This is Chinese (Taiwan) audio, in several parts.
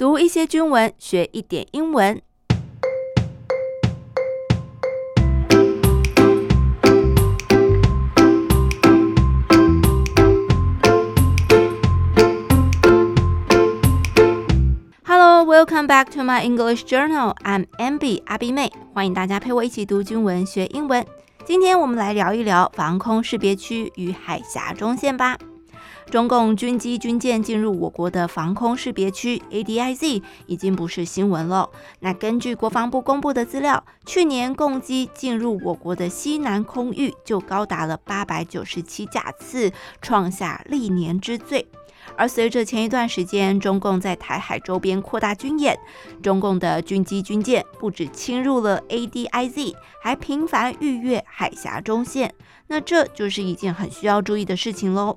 讀一些中文，學一點英文。Hello, welcome back to my English journal. I'm Ambi，阿碧妹，歡迎大家陪我一起讀中文學英文。今天我們來聊一聊防空識別區與海峽中線吧。中共軍機軍艦進入我國的防空識別區 （ADIZ） 已經不是新聞了。那根據國防部公布的資料，去年共機進入我國的西南空域就高達了八百九十七架次，創下歷年之最。而隨着前一段時間中共在台海周邊擴大軍演，中共的軍機軍艦不止侵入了 ADIZ，還頻繁逾越海峽中線。那這就是一件很需要注意的事情嘍。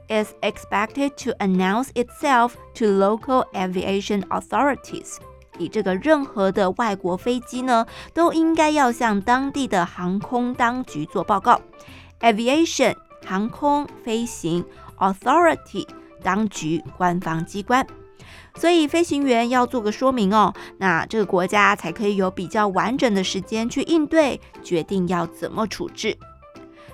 is expected to announce itself to local aviation authorities。你這個任何的外國飛機呢，都應該要向當地的航空當局做報告。Aviation 航空飛行，authority 當局官方機關。所以飛行員要做個說明哦，那這個國家才可以有比較完整的時間去應對，決定要怎麼處置。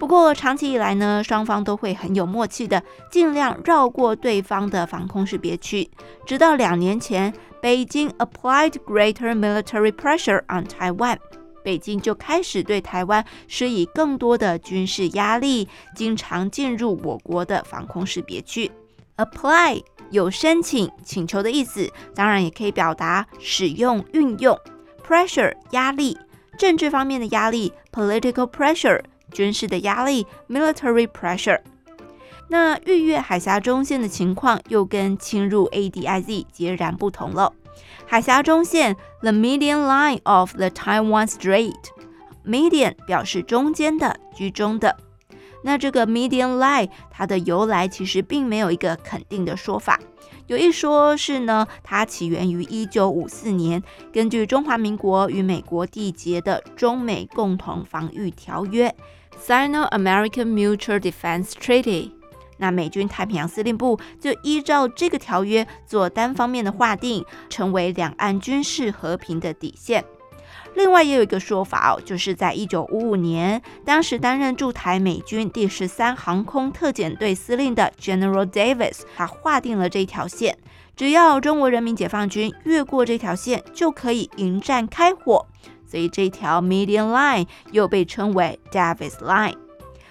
不過，長期以來呢，雙方都會很有默契的，盡量繞過對方的防空識別區。直到兩年前，北京 applied greater military pressure on Taiwan，北京就開始對台灣施以更多的軍事壓力，經常進入我國的防空識別區。Apply 有申請、請求的意思，當然也可以表達使用、運用。Pressure 壓力，政治方面的壓力，political pressure。軍事的壓力，military pressure。那逾越海峽中線的情況又跟侵入 ADIZ 截然不同了。海峽中線，the median line of the Taiwan Strait。median 表示中間的，居中的。那這個 median line 它的由來其實並沒有一個肯定的說法。有一說是呢，它起源於一九五四年，根據中華民國與美國締結的中美共同防禦條約。《Sino-American Mutual Defense Treaty》，那美軍太平洋司令部就依照這個條約做單方面的劃定，成為兩岸軍事和平的底線。另外，也有一個說法哦，就是在一九五五年，當時擔任駐台美軍第十三航空特遣隊司令的 General Davis，他劃定了這條線，只要中國人民解放軍越過這條線，就可以迎戰開火。所以這條 median line 又被稱為 Davis Line。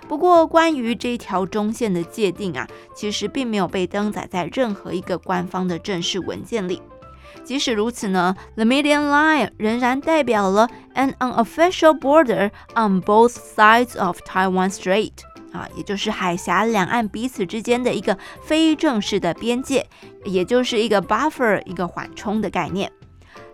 不過關於這條中線的界定啊，其實並沒有被登載在任何一個官方的正式文件裡。即使如此呢，the median line 仍然代表了 an unofficial border on both sides of Taiwan Strait。啊，也就是海峽兩岸彼此之間的一個非正式的邊界，也就是一個 buffer、一個緩衝的概念。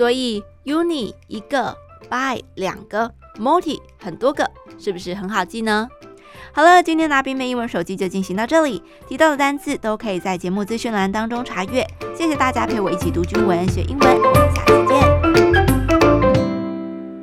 所以 uni 一個，bi 兩個，multi 很多個，是不是很好記呢？好了，今天拿冰妹英文手機就進行到這裡，提到的單詞都可以在節目資訊欄當中查閱。謝謝大家陪我一起讀中文學英文，我們下。